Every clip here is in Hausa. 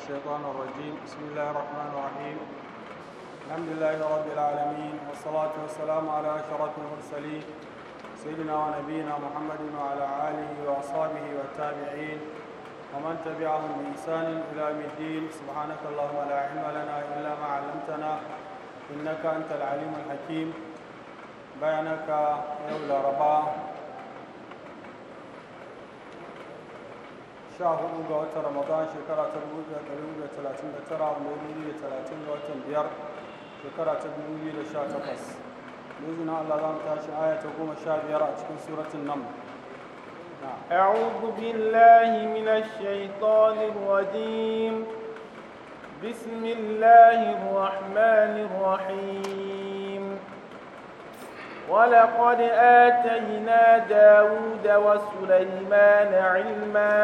الشيطان الرجيم بسم الله الرحمن الرحيم الحمد لله رب العالمين والصلاة والسلام على أشرف المرسلين سيدنا ونبينا محمد وعلى آله وأصحابه والتابعين ومن تبعهم بإحسان إلى يوم الدين سبحانك اللهم لا علم لنا إلا ما علمتنا إنك أنت العليم الحكيم بيانك يا رباه sha hudu ga watan ramadan shekara ta dubu da ɗari da talatin da tara maulidi da talatin ga watan biyar shekara ta dubu biyu da sha takwas izinin allah za mu tashi aya ta goma sha biyar a cikin suratun nan أعوذ بالله من الشيطان الرجيم بسم الله الرحمن الرحيم ولقد آتينا داود وسليمان علماً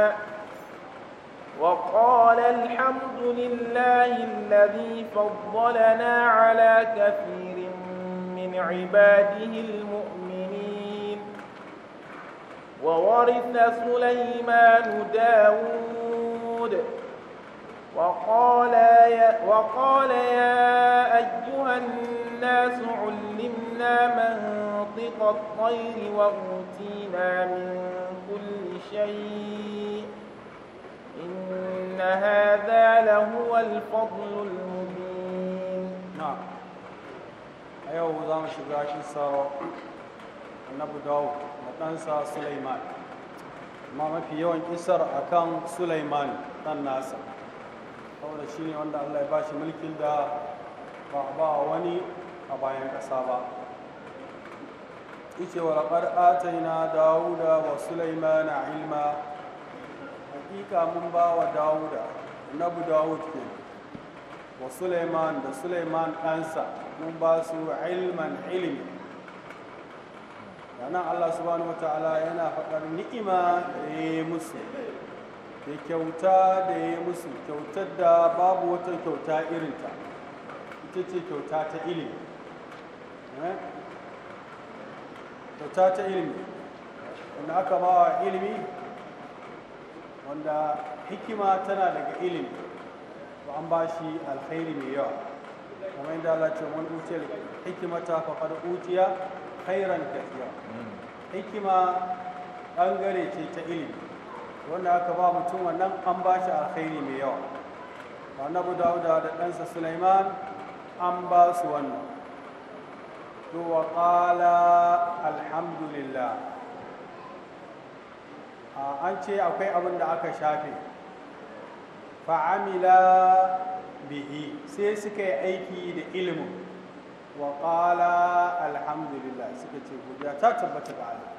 وقال الحمد لله الذي فضلنا على كثير من عباده المؤمنين وورث سليمان داود وقال يا, وقال يا أيها الناس علمنا منطق الطير وأوتينا من كل شيء إن هذا لهو الفضل المبين نعم أيوه زام شباشي صار النبو داود متنسى سليمان ما ما في يوم إسر أكان سليمان تناسا saboda shi ne wanda Allah ya bashi mulkin da ba ba wani a bayan ƙasa ba ice wa laƙar na dawuda wa ilma hakika mun ba wa dawuda annabi dawud ke wa suleiman da suleiman ɗansa mun ba su ilman ilimi yana allah subhanahu wata'ala yana faɗar ni'ima da ya yi musu da kyauta da ya yi musu kyautar da babu wata kyauta irinta ita ce kyauta ta ilimi eh? kyauta ta ilimi wanda aka ba wa ilimi wanda hikima tana daga ilimi to an ba shi alkhairi mai yawa kamar yadda Allah ce wani utiyar hikimata faƙar utiya khairan kafiya hmm. hikima ɓangare ce ta ilimi wanda aka ba mutum wannan an ba shi alkhairi mai yawa annabi dauda da ɗansa sulaiman an ba su wannan to wa alhamdulillah an ce akwai abin da aka shafe fa'amila bihi sai suka yi aiki da ilimin wa alhamdulillah suka ce godiya ta tabbata ga Allah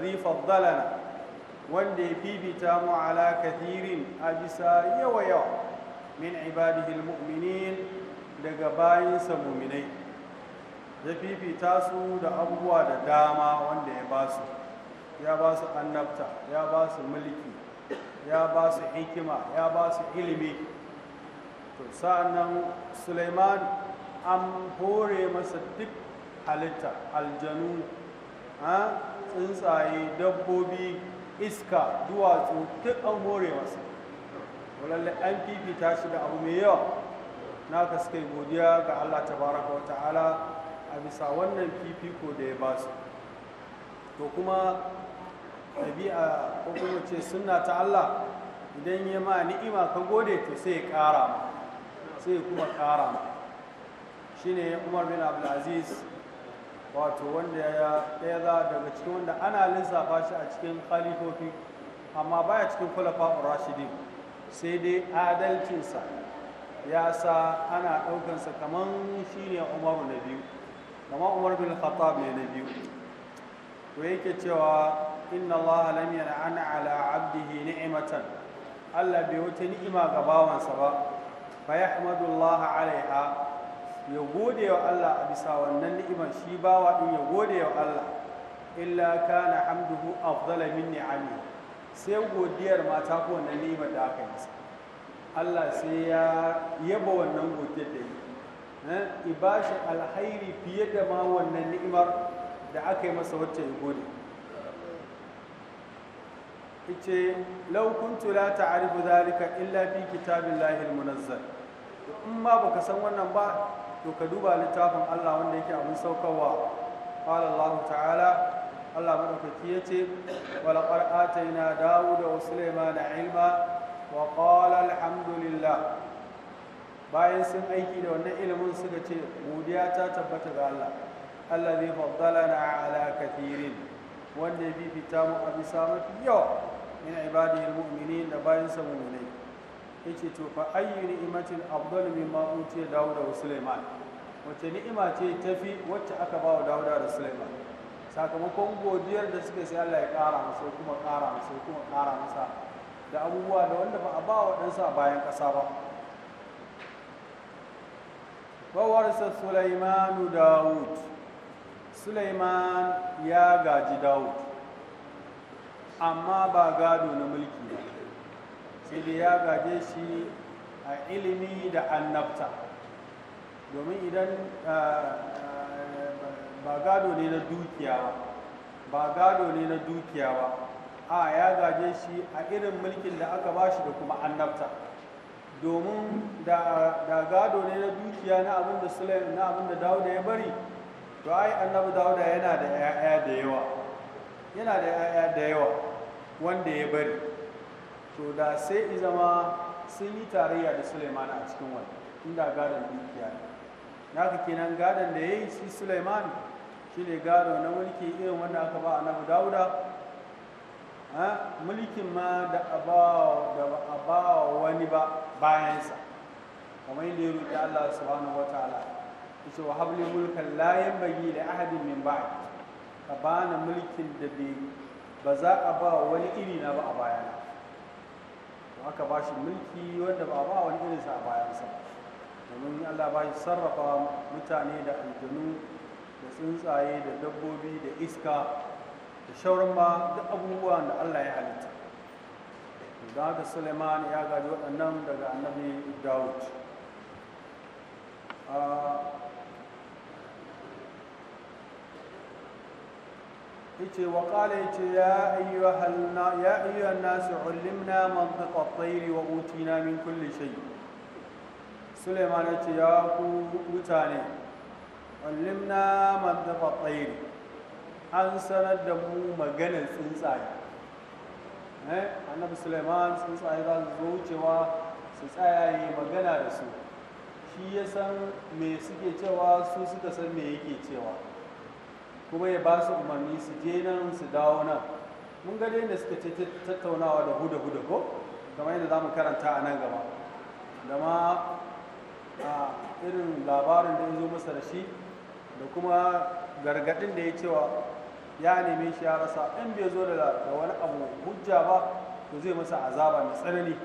allazi faddalana wanda ya fifita mu ala kathirin a bisa yawa yawa min ibadihil almu'minin daga bayinsa muminai ya fifita su da abubuwa da dama wanda ya basu ya ba su annabta ya ba su mulki ya ba su hikima ya ba su ilimi to sa'annan suleiman an hore masa duk halitta aljanu tsuntsaye dabbobi iska duwatsu duk an hore masa walalle an fifita shi da abu mai yawa na ka suka godiya ga allah tabaraka wa ta'ala a bisa wannan fifiko da ya ba su to kuma ɗabi'a ko kuma ce suna ta Allah idan ya ma ni'ima ka gode to sai ya ƙara ma sai kuma ƙara ma Shi ne Umar bin Abdulaziz, wato wanda ya ɗaya za daga cikin wanda ana lissafa shi a cikin khalifofi amma baya cikin khulafa rashidin sai dai adalcinsa ya sa ana ɗaukansa kamar shi Umaru na biyu kamar Umar bin Khattab ne na biyu to yake cewa inna Allah lam yan'ana ala abdihi ni'matan Allah bai wata ni'ima ga bawansa ba fa allah alaiha ya gode wa Allah a bisa wannan ni'imar shi bawa din ya gode wa Allah illa kana hamduhu afdala min ni'ami sai godiyar mata ko wannan ni'imar da aka yi Allah sai ya yaba wannan godiyar da yi ibashi alhairi fiye da ma wannan ni'imar da aka yi masa wacce ya gode ice laukuntu kuntu la ta'rifu zalika illa fi kitabillahi almunazzal in ma baka san wannan ba to ka duba littafin Allah wanda yake abin saukarwa qala Allah ta'ala Allah madaukaki yace wa laqad atayna Dawuda wa Sulaymana ilma wa qala alhamdulillah bayan sun aiki da wannan ilimin suka ce godiya ta tabbata ga Allah allazi da ala kathirin wanda ya fita mu a bisa mafi yawa من عباده المؤمنين da bayan sa mu'minai yace to fa ayyu ni'matin afdal mimma utiya dawud wa sulaiman wace ni'ima ce tafi wacce aka dawuda da sakamakon godiyar da suka sai Allah ya kara musu kuma kara musu kuma kara musa da abubuwa da wanda ba a ba wa ɗansa bayan ƙasa ba wawarsa sulaimanu dawud sulaiman ya gaji dawud amma ba gado na mulki ba sai dai ya gaje shi a ilimi da annabta domin idan ah, ah, ba gado ne na dukiya ba ba gado ne na dukiya ba a ya gaje shi a irin mulkin da aka ba shi da kuma annabta domin da gado ne na dukiya na abin da sulaim na abin da dauda ya bari to ai annabi dauda yana da 'ya'ya da yawa yana da 'ya'ya da yawa wanda ya bari to da sai zama sun yi tarayya da suleiman a cikin wani inda gadon dukiya ne naka kenan gadon da ya yi shi suleiman shi ne gado na mulki irin wanda aka ba a annabi dauda mulkin ma da ba wani ba bayansa kamar yadda ya roƙi allah subhanahu wa ta'ala ce wa hablin mulkan la bayi da ahadin min ba'd ka bana mulkin da bai ba za a ba wani iri na ba a bayana aka ba shi mulki wanda ba ba wani irinsa a bayansa domin allah ba shi sarrafa mutane da aljanu da tsuntsaye da dabbobi da iska da shauran ma abubuwan da allah ya halitta da haka suleiman ya gaji waɗannan daga annabi dawud ah, yace wa qala yace ya ayyuhal na ya ayyuhan nas ulimna mantiq at-tayr wa utina min kulli shay Suleiman yace ya ku mutane ulimna mantiq at-tayr an sanar da mu maganar tsuntsaye eh annabi Suleiman tsuntsaye za su zo cewa su tsaya yi magana da su shi ya san me suke cewa su suka san me yake cewa kuma ya ba su umarni su je nan su dawo nan mun ga da suka ce tattaunawa da huda huda ko kamar yadda za mu karanta a nan gaba da ma a irin labarin da ya zo masa da shi da kuma gargadin da ya cewa ya neme shi ya rasa in bai zo da wani abu hujja ba to zai masa azaba mai tsanani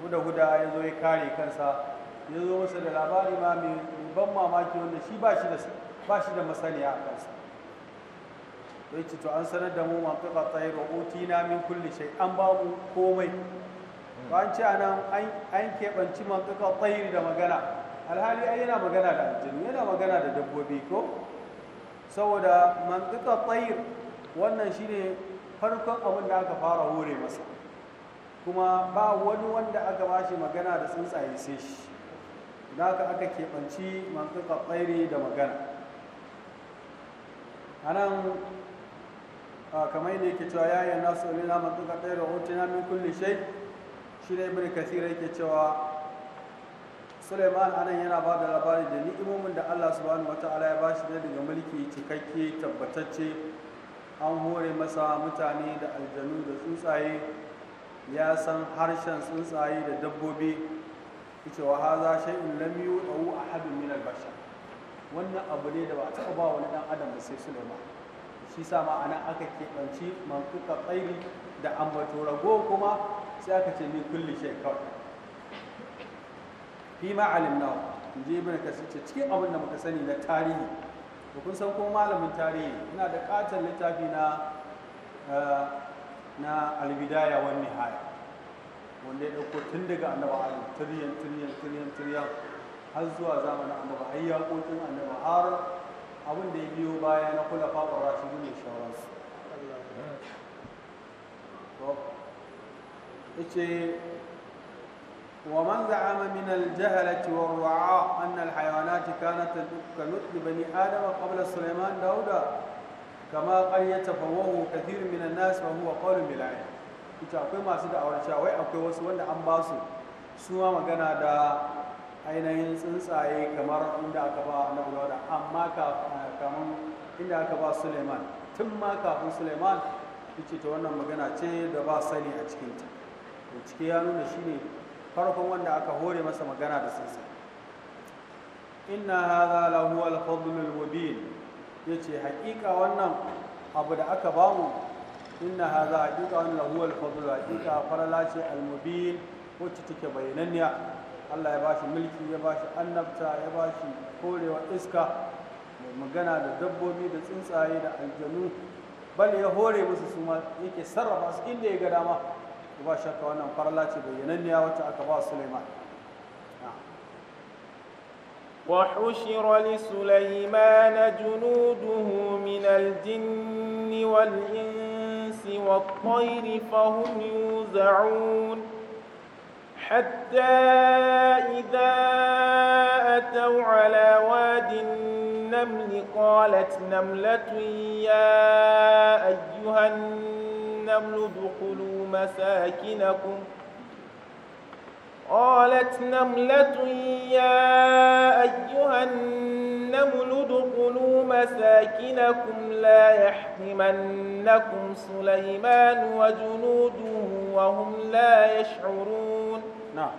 huda huda ya zo ya kare kansa ya zo masa da labari ma mai ban mamaki wanda shi ba shi da ba shi da masaniya a kansa to yace to an sanar da mu mantiqa tsayar wa na min kulli shay an ba mu komai ba an ce anan an keɓanci mantiqa tsayar da magana alhali ai yana magana da aljinu yana magana da dabbobi ko saboda mantiqa tsayar wannan shine farkon abin da aka fara hore masa kuma ba wani wanda aka ba shi magana da tsuntsaye sai shi da aka keɓanci mantiƙa tsayar da magana a nan kamar yadda yake cewa ya yi nasu ne na matuka ɗaya rahoton na min kulle shai shi ne ibn kasira yake cewa suleiman anan yana ba da labari da ni'imomin da allah subhanahu wa ta'ala ya bashi ne daga mulki cikakke tabbatacce an hore masa mutane da aljanu da tsuntsaye ya san harshen tsuntsaye da dabbobi cewa haza shay'un lam yu'u a min al-bashar wannan abu ne da ba a taɓa ba wani ɗan adam da sai Suleiman shi sa ma aka keɓanci mankuka tsairi da ambato rago kuma sai aka ce ni kulli shay kawai fi ma in ji ibn kasir cikin abin da muka sani na tarihi to kun san kuma malamin tarihi ina da katon littafi na eh, na albidaya wani haya wanda ya ɗauko tun daga annabi tiriyan tiriyan tiriyan tiriyan har zuwa zamanin annabi har yaƙoƙin annabi har abin da ya biyo baya na kula faɓar rashidu ne shawararsu yace wa man za'ama min al-jahalati war-ra'a anna al-hayawanati kanat kanut bani adama qabla Sulaiman Dauda kama qad yatafawwahu kathir masu da'awar cewa wai akwai wasu wanda an ba su magana da ainihin tsuntsaye kamar inda aka ba na dauda amma kamar inda aka ba suleiman tun ma kafin suleiman ce ta wannan magana ce da ba sani a cikinta to cike ya nuna shine farkon wanda aka hore masa magana da tsuntsaye inna hadha lahu al-fadl al-mubin yace hakika wannan abu da aka bamu inna hadha hakika wannan lahu al-fadl hakika farala ce al-mubin wacce take bayananniya Allah ya bashi mulki ya bashi annabta ya bashi korewa iska mai magana da dabbobi da tsuntsaye da aljanu bal ya hore musu su ma yake sarrafa su inda ya ga dama ba shakka wannan farla ce bayyananniya wacce aka ba Sulaiman وحشر لسليمان جنوده من الجن والإنس والطير فهم يوزعون حتى إذا أتوا على واد النمل قالت نملة يا أيها النمل ادخلوا مساكنكم قالت نملة يا أيها النمل ادخلوا مساكنكم لا يحطمنكم سليمان وجنوده وهم لا يشعرون na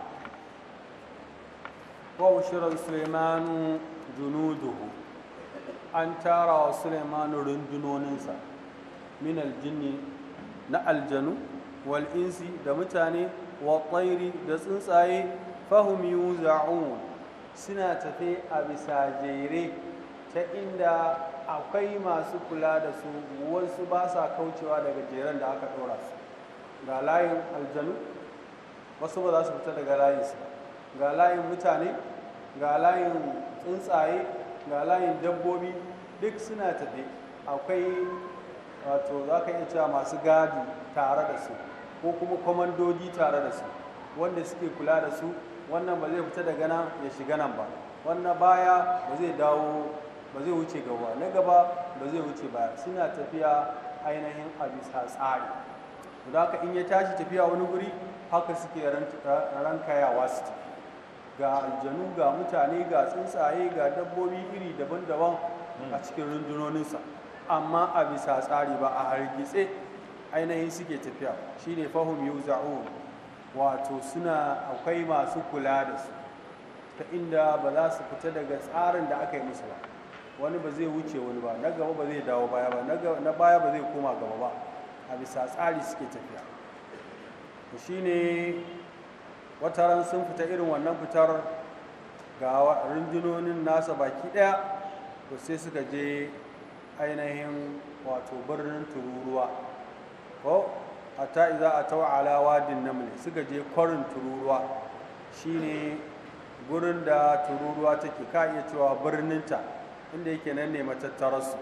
wa ushira sulaimanu junuduhu an tara wa sulaimanu rundunoninsa min aljini na aljanu wal da mutane wa da tsuntsaye fahim yi za'un suna tafe a bisa jere ta inda akwai masu kula da su wasu ba sa kaucewa daga jeren da aka tsora su ga layin aljanu wasu ba za su fita daga layinsu ga layin mutane ga layin tsuntsaye ga layin dabbobi duk suna tafi akwai wato za ka iya cewa masu gadi tare da su ko kuma kwamandoji tare da su wanda suke kula da su wannan ba zai fita daga nan ya shiga nan ba wannan baya ba zai dawo ba zai wuce gaba na gaba ba zai wuce baya suna tafiya ainihin a bisa tsari da ka in ya tashi tafiya wani guri haka suke rankayawa su ga aljanu ga mutane ga tsuntsaye ga dabbobi iri daban-daban a cikin rundunoninsa amma a bisa tsari ba a hargitse ainihin suke tafiya shine fahim za'o wato suna akwai masu kula da su ta inda ba za su fita daga tsarin da aka yi musu ba wani ba zai wuce wani ba na gaba ba zai dawo baya ba na baya ba zai koma gaba ba a bisa tsari suke tafiya to shine wataran sun fita irin wannan fitar ga rundunonin nasa baki daya to sai suka je ainihin wato birnin tururuwa ko a iza a tau ala wadin naml suka je kwarin tururuwa shine gurin da tururuwa take ka iya cewa birninta inda yake nan ne matattararsu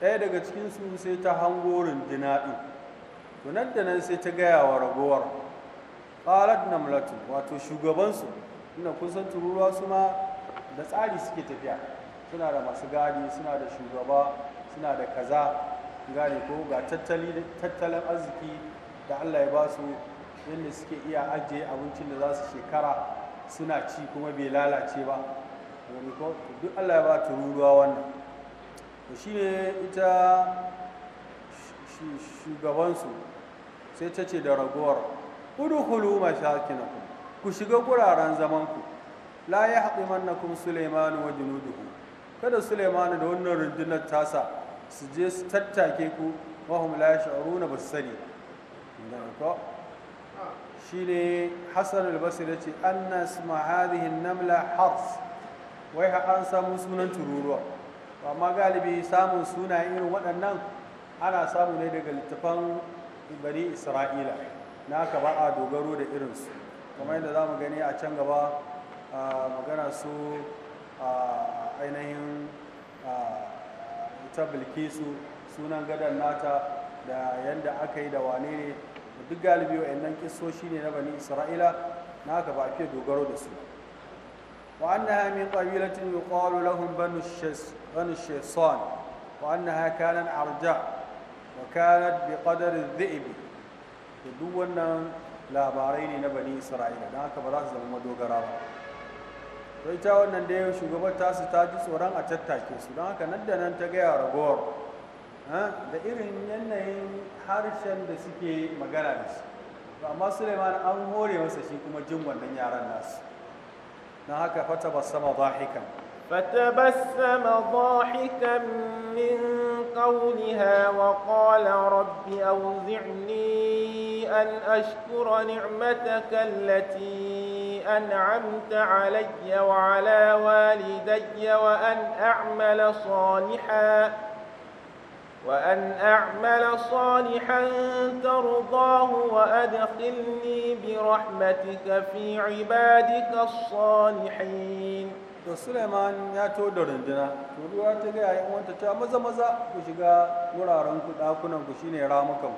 ɗaya daga cikinsu sai ta hango runduna to nan da nan sai ta gaya wa ragowar qalat namlatu wato shugabansu ina kun san tururuwa su ma da tsari suke tafiya suna da masu gadi suna da shugaba suna da kaza gane ko ga tattalin arziki da Allah ya ba su yadda suke iya ajiye abincin da za su shekara suna ci kuma bai lalace ba duk Allah ya ba tururuwa wannan to ne ita shugabansu sai ta ce da ragowar udkhulu mashakinakum ku shiga guraren zamanku la haɗu mannakun Sulaiman wa junuduhu kada Suleimanu da wannan rundunar tasa su je su tattake ku wa hum la yash'uruna bis sani shine Hassan al-Basri yace anna isma hadhihi namla hars wai an samu sunan tururuwa amma galibi samun sunayen irin waɗannan ana samu ne daga littafan bani isra'ila na ka ba a dogaro da irinsu kamar yadda za mu gani a can gaba magana su a ainihin ta bilkisu sunan gadon nata da yadda aka yi da wane ne duk galibi wa'annan kisoshi ne na bani isra'ila na haka ba a fiye dogaro da su وأنها من قبيلة يقال لهم بنو الشيصان وأنها كانت أرجاء wa kanat bi qadari dhi'b to duk wannan labarai ne na bani isra'ila don haka ba za su zama madogara ba to ita wannan da yau shugaban su ta ji tsoron a tattake su don haka nan da nan ta gaya ragowar da irin yanayin harshen da suke magana da shi amma suleiman an hore masa shi kuma jin wannan yaran nasu don haka fata basama sama فتبسم ضاحكا من قولها وقال رب أوزعني أن أشكر نعمتك التي أنعمت علي وعلى والدي وأن أعمل صالحا وأن أعمل صالحا ترضاه وأدخلني برحمتك في عبادك الصالحين to suleiman ya to da runduna to ruwa ta gaya yin wanta ta maza maza ku shiga wuraren ku dakunan ku shine ramukan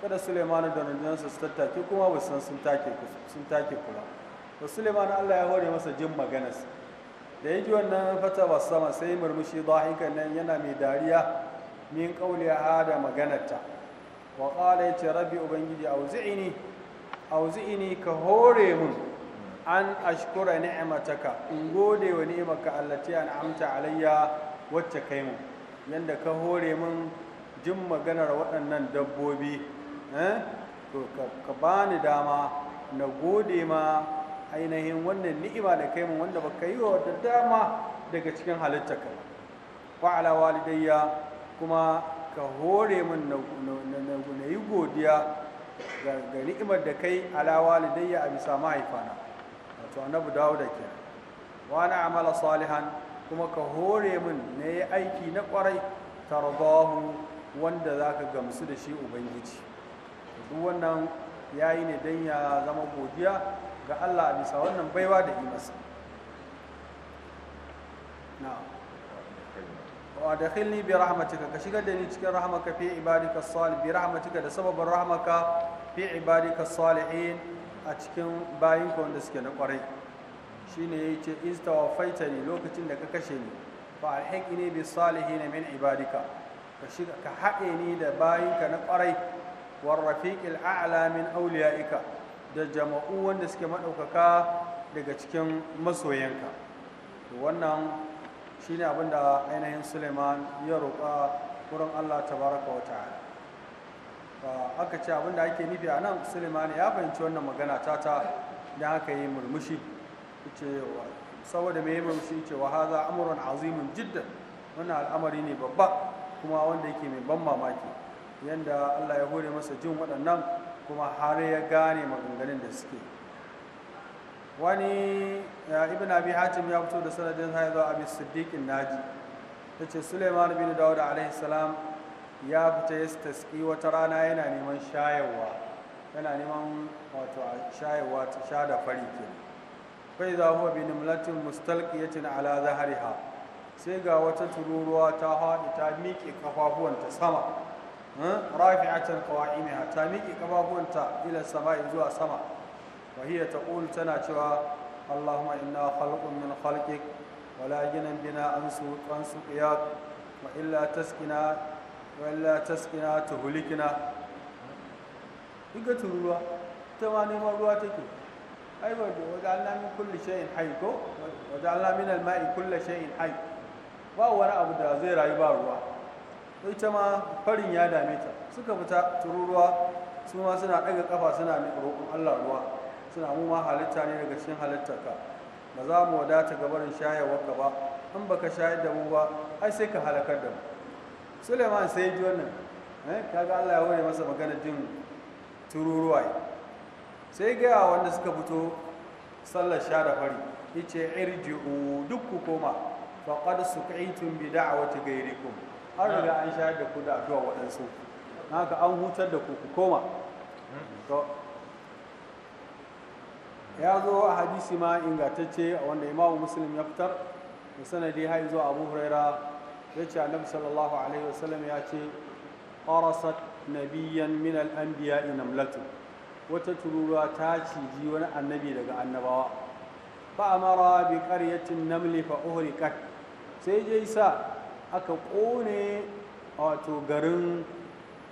kada suleiman da runduna su tattake kuma ba san sun take ku sun take ku to suleiman Allah ya hore masa jin maganas da yaji wannan fata ba sama sai murmushi dahikan nan yana mai dariya min qawli hada maganarta wa qala ya rabbi ubangiji auzi'ini auzi'ini ka hore mun an ashkura ni'mataka in gode wa ni'maka allati an'amta alayya wacce kai mu yanda ka hore mun jin maganar waɗannan dabbobi eh? to ka bani dama na gode ma ainihin wannan ni'ima da kai mun wanda baka yi wa da dama daga cikin halittarka wa ala walidayya kuma ka hore min na yi godiya ga ni'imar da kai ala walidayya a bisa mahaifana to annabi ke wa na amala salihan kuma ka hore min na yi aiki na kwarai tardahu wanda za ka gamsu da shi ubangiji duk wannan ya yi ne don ya zama godiya ga allah a bisa wannan baiwa da imasa na'am ka shigar da ni cikin rahmaka fi ibadika salih bi rahmatika da sababin rahmaka fi ibadika salihin a cikin ka wanda suke na kwarai shi ne ya ce faitani lokacin da ka kashe ni ba fa ne bi na min ibadika ka ka haɗe ni da ka na kwarai war rafiqil a'la min auliya'ika da jama'u wanda suke maɗaukaka daga cikin masoyanka to wannan shine abinda ainihin Suleiman ya roƙa wurin Allah tabaraka wa ta'ala aka ce abinda ake nufi a nan sulemani ya fahimci wannan magana ta ta da haka yi murmushi saboda mai murmushi ce wa haza amuran azimin jidda wannan al'amari ne babba kuma wanda yake mai ban mamaki yadda allah ya hore masa jin waɗannan kuma har ya gane maganganun da suke wani ibn abi hatim ya fito da sanadin haizuwa abin siddiqin naji ta ce suleiman bin dawud alaihi salam ya fita ya taski wata rana yana neman shayarwa yana neman wato shayarwa ta sha da fari ke Bai za huwa bi nimlatin mustalqiyatin ala zahriha sai ga wata tururuwa ta haɗe ta miƙe kafafuwanta sama hm? rafi'atan qawa'imiha ta miƙe kafafuwanta ila sama'i zuwa sama wa hiya taqulu tana cewa Allahumma inna khalqun min khalqik wala jinan bina an suqiyak wa illa taskina wala taskina tuhulikina diga ruwa ta ma neman ruwa take ai ba da wajen alamin kulli shay'in hayy ko waje alamin alma'i shay'in hayy ba wani abu da zai rayu ba ruwa ita ma farin ya dame ta suka fita tururuwa su ma suna daga kafa suna mai roƙon Allah ruwa suna mu ma halitta ne daga cikin halittarka ba za mu wadata gabarin shayarwarka ba in baka shayar da mu ba ai sai ka halakar da mu suleiman sai ji wannan eh, kaga allah ya ware masa magana jin tururuwa sai gaya wanda suka fito sallar sha da fari ice irji duk ku koma faqad suqaitum bi gairi ku an riga an sha da ku da addu'a waɗansu na ka an hutar da ku ku koma ya zo a hadisi ma ingantacce wanda imamu muslim ya fitar da sanadi haizo zuwa abu huraira ya ce annabi sallallahu alaihi wasallam ya ce qarasat nabiyyan min al-anbiya'i wata tururuwa ta ciji wani annabi daga annabawa fa amara bi qaryatin namli fa uhriqat sai je sa aka kone wato garin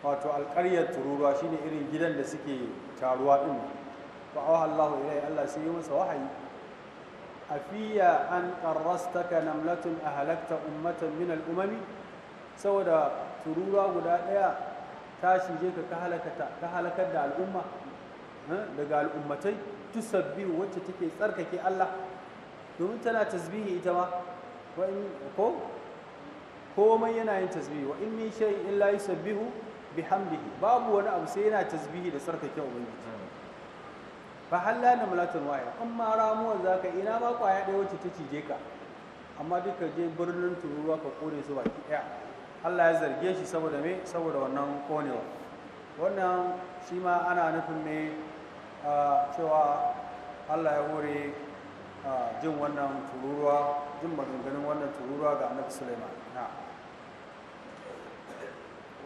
wato alƙaryar tururuwa shine irin gidan da suke taruwa din fa Allah ilai Allah sai ya masa wahayi afiya an qarrastaka namlatun ahalakta ummatan min al'umami saboda turuwa guda ɗaya ta shige ka ka halakar da al'umma daga al'ummatai tusabbihu wacce take tsarkake Allah domin tana tasbihi ita ma ko komai yana yin tasbihi wa in min shay'in la yusabbihu bihamdihi babu wani abu sai yana tasbihi da tsarkake ubangiji fa halla na malatun waye in ma ramuwan za ka ina ma kwaya ɗaya wacce ta cije ka amma duka je birnin tururuwa ka kone su baki ɗaya allah ya zarge shi saboda me saboda wannan konewa wannan shi ma ana nufin ne cewa allah ya hore jin wannan tururuwa jin maganganun wannan tururuwa ga annabi suleiman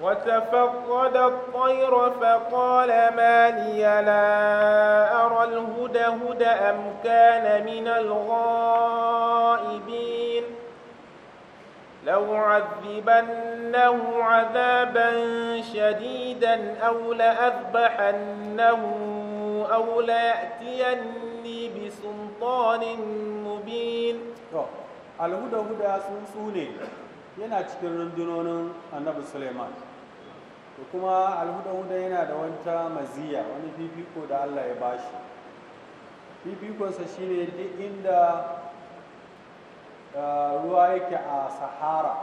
وتفقد الطير فقال ما لي لا أرى الهدى هدى أم كان من الغائبين لو عذبنه عذابا شديدا أو لأذبحنه أو ليأتيني بسلطان مبين الهدى هدى سنسوني yana cikin rundunonin annabi Suleiman to kuma alhuda-huda yana da wata maziya wani fifiko da allah ya bashi fifikonsa shine duk inda ah, ruwa yake a sahara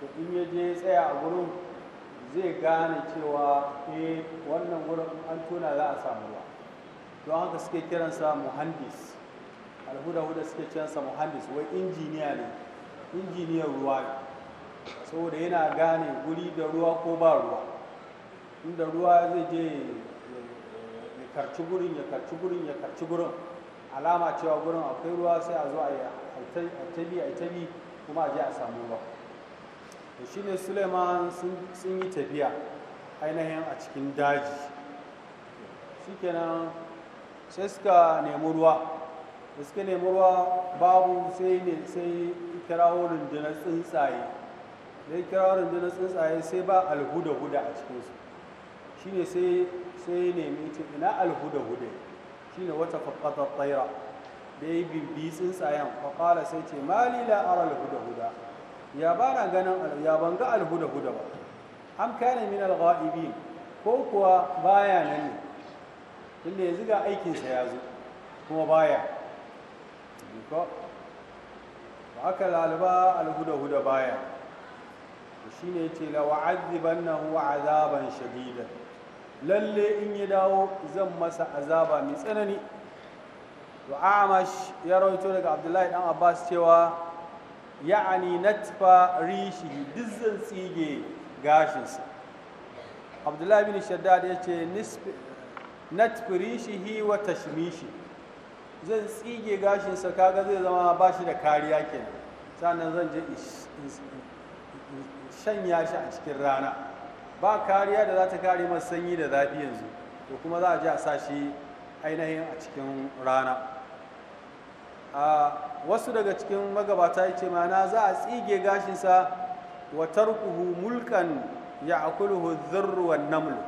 to in ya tsaya a gurin zai gane cewa eh wannan gurin an tona za a samu ruwa don haka suke kiransa muhandis alhuda-huda suke kiransa muhandis wai injiniya ne injiniyan ruwa ne saboda yana gane guri da ruwa ko ba ruwa inda ruwa zai je ya karci gurin ya karci gurin ya karci gurin alama cewa gurin akwai ruwa sai a zo a yi a tabi kuma a je a samu ruwa shi shine suleiman sun yi tafiya ainihin a cikin daji shikenan sai suka nemi ruwa da suka nemi ruwa babu sai ne sai da na tsuntsaye da ya kira rundunar tsuntsaye sai ba alhuda-huda a cikinsu shi ne sai ya nemi ce ina alhuda-huda shi ne wata faƙatar tsaira da ya bibbi tsuntsayen faƙala sai ce mali la'ar alhuda-huda ya ba na ganin ya banga alhuda-huda ba an kana min alghaibi ko kuwa baya nan ne tunda yanzu ga aikinsa ya zo kuma baya ko ba aka lalaba alhuda-huda baya shine yace la wa'azibannahu azaban shadida lalle in ya dawo zan masa azaba mai tsanani to amash ya rawaito daga abdullahi dan abbas cewa ya'ani natfa rishihi duk zan tsige gashinsa abdullahi bin shaddad ya ce natfi rishihi wa tashmishi zan tsige gashinsa kaga zai zama ba shi da kariya kenan sannan zan je shanya shi a cikin rana ba kariya da za ta kare masa sanyi da zafi yanzu to kuma za a ji a sa shi ainihin a cikin rana a wasu daga cikin magabata ya ce mana za a tsige gashinsa wa tarkuhu mulkan ya akwai zirru wa namlu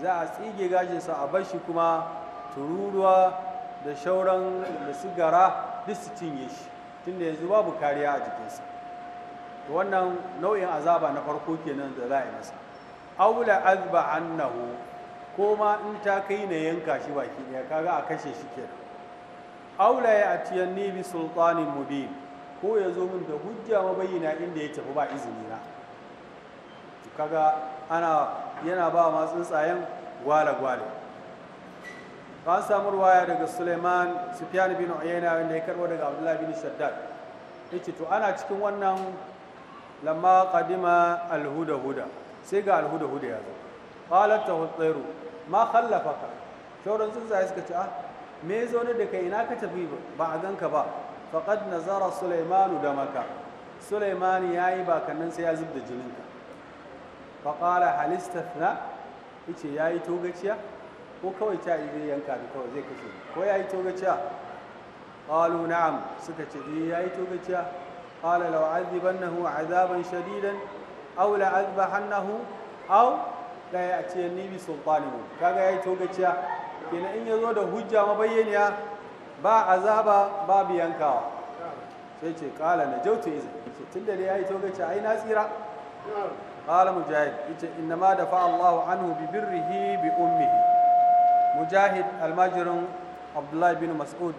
za a tsige gashinsa a bar shi kuma tururuwa da shauran da sigara duk su cinye shi tunda yanzu babu kariya a jikinsa wannan nau'in azaba na farko kenan da za a yi masa aula azba annahu ko ma in ta kai na yanka shi baki ɗaya kaga a kashe shi kenan aula ya atiyan ni bi sultanin mubin ko ya zo min da hujja mabayyana inda ya tafi ba izini na kaga ana yana ba ma tsuntsayen gwale gwale an samu ruwaya daga Suleiman Sufyan bin Uyayna wanda ya karbo daga Abdullah bin Shaddad yace to ana cikin wannan lamma kadima alhuda huda sai ga alhuda huda ya zo qalat ta tsairu ma khallafaka shauran tsuntsaye suka ce ah me zo ne da kai ina ka tafi ba a ganka ba faqad nazara sulaimanu damaka ya yayi ba kannan sai ya zubda jininka fa qala hal istafna yace yayi togaciya ko kawai ta yi yanka da kawai zai kashe ko yayi togaciya qalu na'am suka ce eh, ya yayi togaciya قال لأعذبنه عذابا شديدا أو لأذبحنه أو لا يأتيني بسلطان kaga yayi togaciya kenan in yazo da hujja mabayyaniya ba azaba ba biyankawa sai ce qala najautu iz ce tunda ne yayi togaciya ai na tsira qala mujahid yace inna ma dafa Allahu anhu bi birrihi bi ummihi mujahid almajirin abdullahi bin mas'ud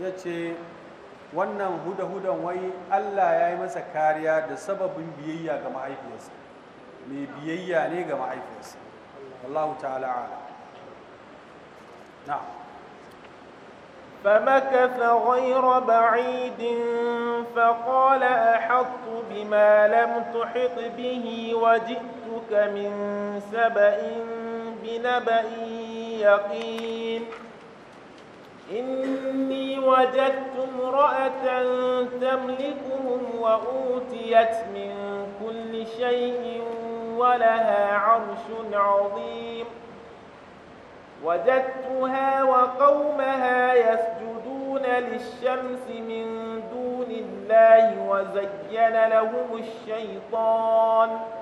yace wannan huda-hudan wai Allah ya yi masa kariya da sababin biyayya ga mahaifiyarsa mai biyayya ne ga mahaifiyarsa Allah ta'ala ala na'am فمكث غير بعيد فقال أحط بما لم تحط به وجئتك من سبأ بنبأ يقين إني وجدت امرأة تملكهم وأوتيت من كل شيء ولها عرش عظيم وجدتها وقومها يسجدون للشمس من دون الله وزين لهم الشيطان ۖ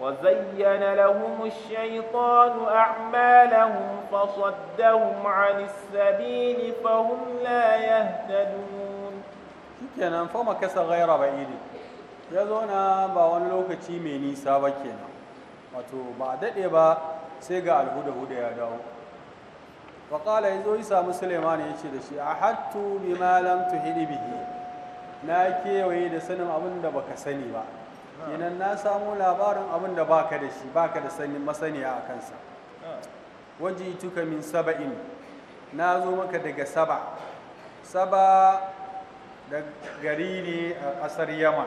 وزين لهم الشيطان أعمالهم فصدهم عن السبيل فهم لا يهتدون كنا فما كسى غير بعيد يزونا باون لوكتي مي نيسا بكينا wato ba a daɗe ba sai ga alhuda ya dawo waƙala ya zo isa musulman ya ce da shi a hattu bi malam tuhidi bihi na kewaye da sanin abin da baka sani ba kenan na samu labarin abin da baka da shi baka da sani masaniya a kansa Waje tuka min saba'in na zo maka daga saba saba da gari ne a ƙasar yama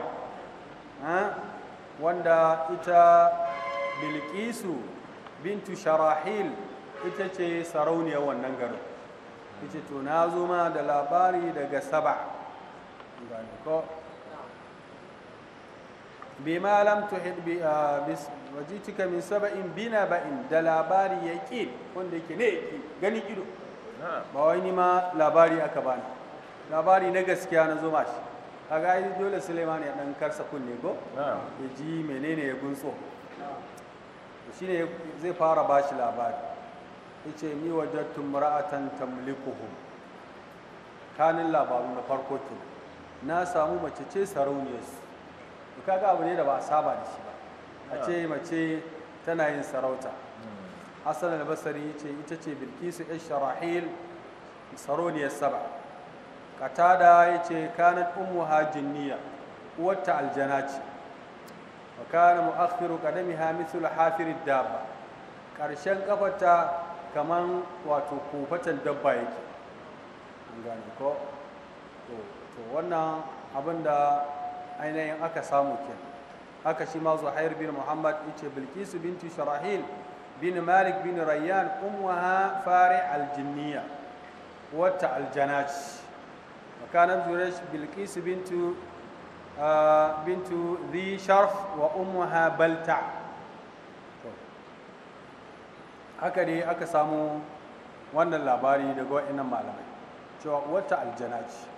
wanda ita bilkisu bintu sharahil ita ce Sarauniya wannan garin ita to na zo ma da labari daga saba bima lam tuhid bi wajitika min saba'in bina ba'in da labari yaqin wanda yake ne yaqin gani ido ba wai ni ma labari aka bani labari na gaskiya na zo mashi kaga ai dole Suleiman ya dan karsa kunne go ya ji menene ya gunso shine zai fara bashi labari yace ni wajadtu mar'atan tamlikuhum kanin labaru na farko ke na samu mace ce sarauniyarsu to ga abu ne da ba a saba da shi ba a ce mace tana yin sarauta hmm. hassan albasari ce ita ce bilkisu yan sharahil saroniyar saba katada ya ce kanat ummu niyya uwarta aljana ce wa kana mu'akhiru qadamiha Hamisu hafirid dabba karshen kafarta kaman wato kofatan dabba yake an gane ko wannan abinda ainihin aka samu ke haka shi ma zuhair bin muhammad yace bilkisu binti sharahil bin malik bin rayyan ummuha fari aljinniya wata aljana makanan zuresh bilkisu bintu bintu zi sharf wa ummuha balta' haka dai aka samu wannan labari daga wa'annan malamai cewa wata aljanaci.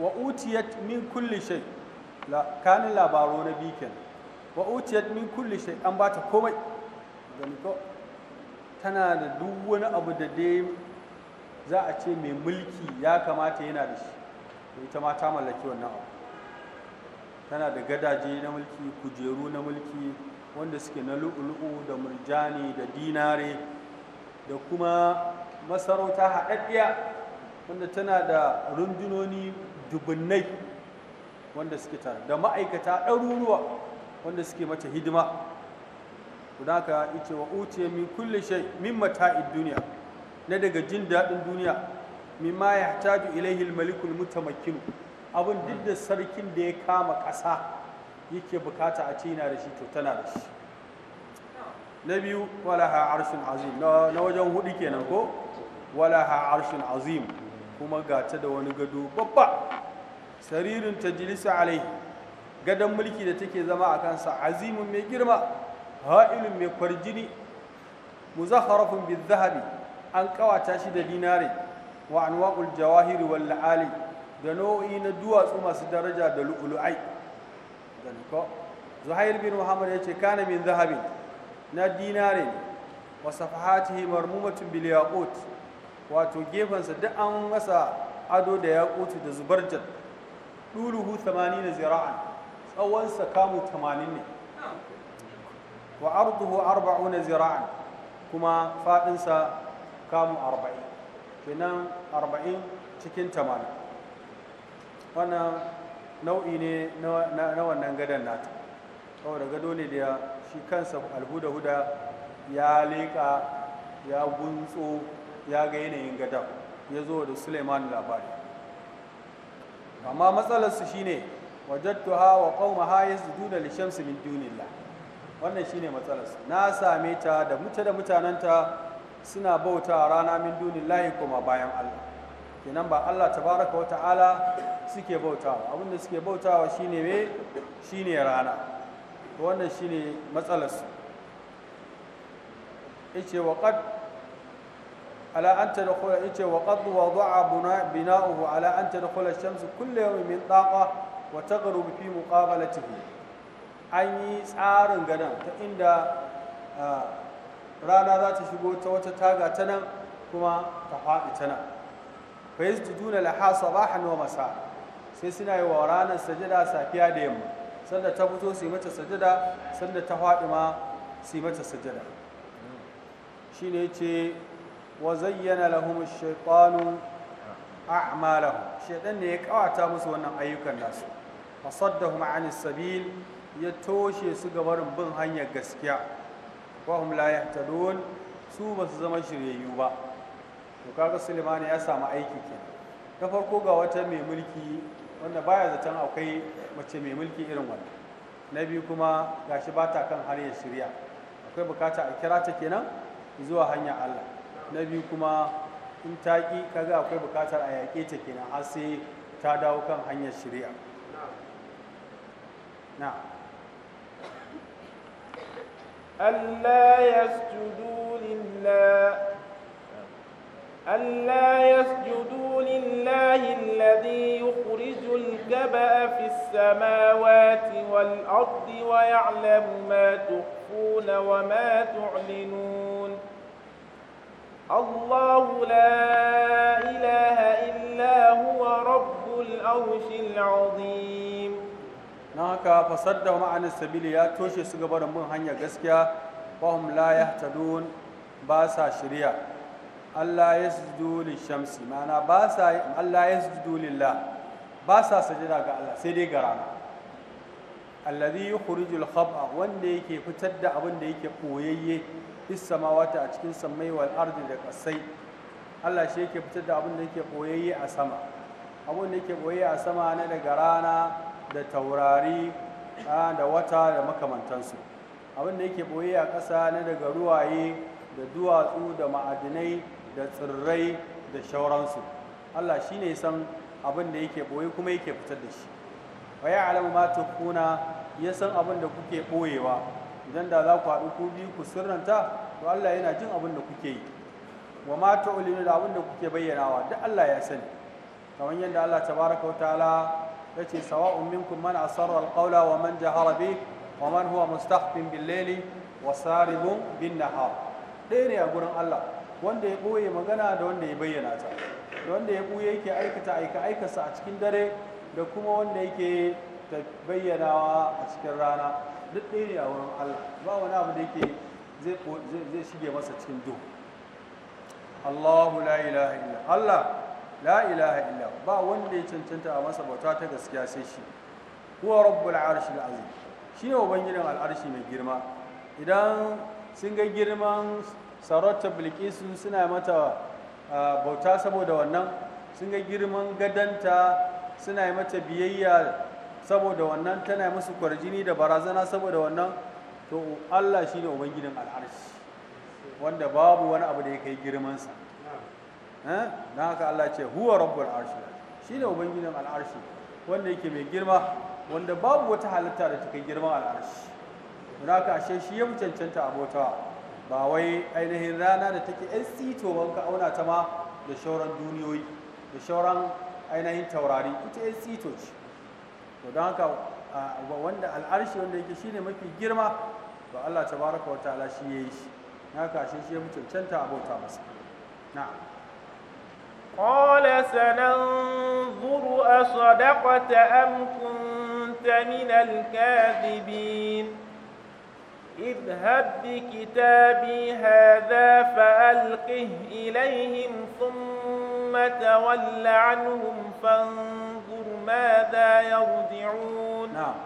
wa utiyat min kulli shay la kanin labaro na bikin, wa utiyat min kulli shay an bata komai gani ko tana da duk wani abu da dai za a ce mai mulki ya kamata yana da shi ita ma ta mallaki wannan abu tana da gadaje na mulki kujeru na mulki wanda suke na lu'ulu'u da murjani da dinare da kuma masarauta haɗaɗɗiya wanda tana da rundunoni dubunnai wanda suke tare da ma'aikata ɗaruruwa wanda suke mata hidima don ka yace wa uce min kulle shai min mata'id duniya na daga jin daɗin duniya mimma yahtaju ilayhi al-maliku al-mutamakkin abin duk da sarkin da ya kama ƙasa yake bukata a ce yana da shi to tana da shi na biyu ha arshin azim na wajen hudu kenan ko ha arshin azim kuma gata da wani gado babba saririn tajlisa alai gadon mulki da take zama a kansa azimin mai girma ha'ilun mai kwarjini bin zahabi an kawata shi da dinare wa anwa'ul jawahiri wal la'ali da nau'i na duwatsu masu daraja da lu'ulu'ai zuhair bin muhammad ya ce kana min zahari na dinare wa safahatihi marmumatun bil yaqut wato gefansa duk an masa ado da yaqutu da zubarjat ɗuluhu 80 zira'an tsawonsa kamu 80 ne wa arduhu 40 zira'an kuma faɗinsa kamu 40 kenan 40 cikin 80 wannan nau'i ne na wannan gadon nata saboda gado ne da shi kansa alhuda huda ya leƙa ya guntso ya ga yanayin gadon ya zo da suleiman labari amma matsalarsu shine ha wa qaumaha yasjuduna lishamsi min dunillah wannan shine matsalarsu na same ta da muta da mutananta suna bauta rana min dunillahi kuma bayan Allah kenan ba Allah tabaraka wa ta'ala suke bautawa abinda suke bautawa shine me shine rana to wannan shine matsalarsu yace wa ala an tadkhula yace wa qad wada'a bina'uhu ala an tadkhula ash-shamsu kullu yawmin min daqa wa taghrubu fi muqabalatihi an yi tsarin gadan ta inda rana za ta shigo ta wata taga ta nan kuma ta faɗi ta nan fa yasjuduna laha sabahan wa masa sai suna yi wa ranar sajada safiya da yamma sanda ta fito su yi mata sajada sanda ta faɗi ma su yi mata sajada وزين لهم الشيطان أعمالهم شيطان يقاطع مسونا sabil ya toshe su ga barin bin بن gaskiya wa hum la yahtadun su ba su zama shiryayyu ba to kaga Suleiman ya samu aiki ke ta farko ga wata mai mulki wanda baya zaton akwai mace mai mulki irin wannan na biyu kuma gashi ba ta kan hanyar shirya akwai bukata a kira ta kenan zuwa hanyar Allah na biyu kuma in ta ƙi kaga akwai bukatar a yaƙe ta kenan har ta dawo kan hanyar shari'a na Allah ya Allah yasjudu lillahi alladhi yukhriju al-gaba'a fi as-samawati wal-ardi wa ya'lamu ma tukhfuna wa ma tu'linun الله لا إله إلا هو رب العرش العظيم نهكا فصدوا عن السبيل يا توشي سغبر من هنيا غسكيا وهم لا يهتدون باسا شريا الله يسجدوا للشمس معنى باسا الله يسجدوا لله باسا سجدا ga Allah sai dai garama alladhi yukhrijul khaba wanda yake fitar da abin da yake koyayye fis wata a cikin samai wal ardi da kasai Allah shi yake fitar da abin da yake koyayye a sama abin da yake koyayye a sama na daga rana da taurari da wata da makamantansu abin da yake boye a ƙasa na daga ruwaye da duwatsu da ma'adinai da tsirrai da shauransu Allah shi ne san abin da yake boye kuma yake fitar da shi wa ya alamu ma tukuna ya san abin da kuke ɓoyewa? idan da za ku haɗu ku biyu ku sirranta to Allah yana jin abin da kuke yi wa ma ta'ulinu da abin da kuke bayyanawa duk Allah ya sani kamar yadda Allah tabaraka wa ta'ala ya ce sawa'un minkum man asarra alqawla wa man jahara bi wa man huwa mustahfin bil layli wa saribun bin nahar ɗaya ne a gurin Allah wanda ya ɓoye magana da wanda ya bayyana ta da wanda ya buye yake aikata aika aikarsa a cikin dare da kuma wanda yake bayyanawa a cikin rana duk ɗaya ne a wurin Allah ba wani abu da yake zai shige masa cikin duhu Allahu la ilaha illa Allah la ilaha illa ba wanda ya cancanta a masa bauta ta gaskiya sai shi huwa rabbul arshil azim shine ubangijin al'arshi mai girma idan sun ga girman sarauta bilkisu suna mata bauta saboda wannan sun ga girman gadanta suna yi mata biyayya saboda wannan tana musu kwarjini da barazana saboda wannan to Allah shi ne ubangijin al'arshi wanda babu wani abu da ya kai girmansa eh, na haka Allah ce huwa rabbul arshi shi ne ubangijin al'arshi wanda yake mai girma wanda babu wata halitta da ta kai girman al'arshi don haka ashe shi ya cancanta abota ba wai ainihin rana da take ƴan sito wanka auna ta ma da shauran duniyoyi da shauran ainihin taurari ita ƴan sito ce to don haka wanda al'arshi wanda yake shine mafi girma to Allah tabaraka wa ta'ala shi yayi shi haka shi shi ya mu cancanta abota masa na'am قال سننظر أصدقت أم كنت من الكاذبين اذهب بكتابي هذا فألقه إليهم ثم تول عنهم فانظر ماذا يرجعون نعم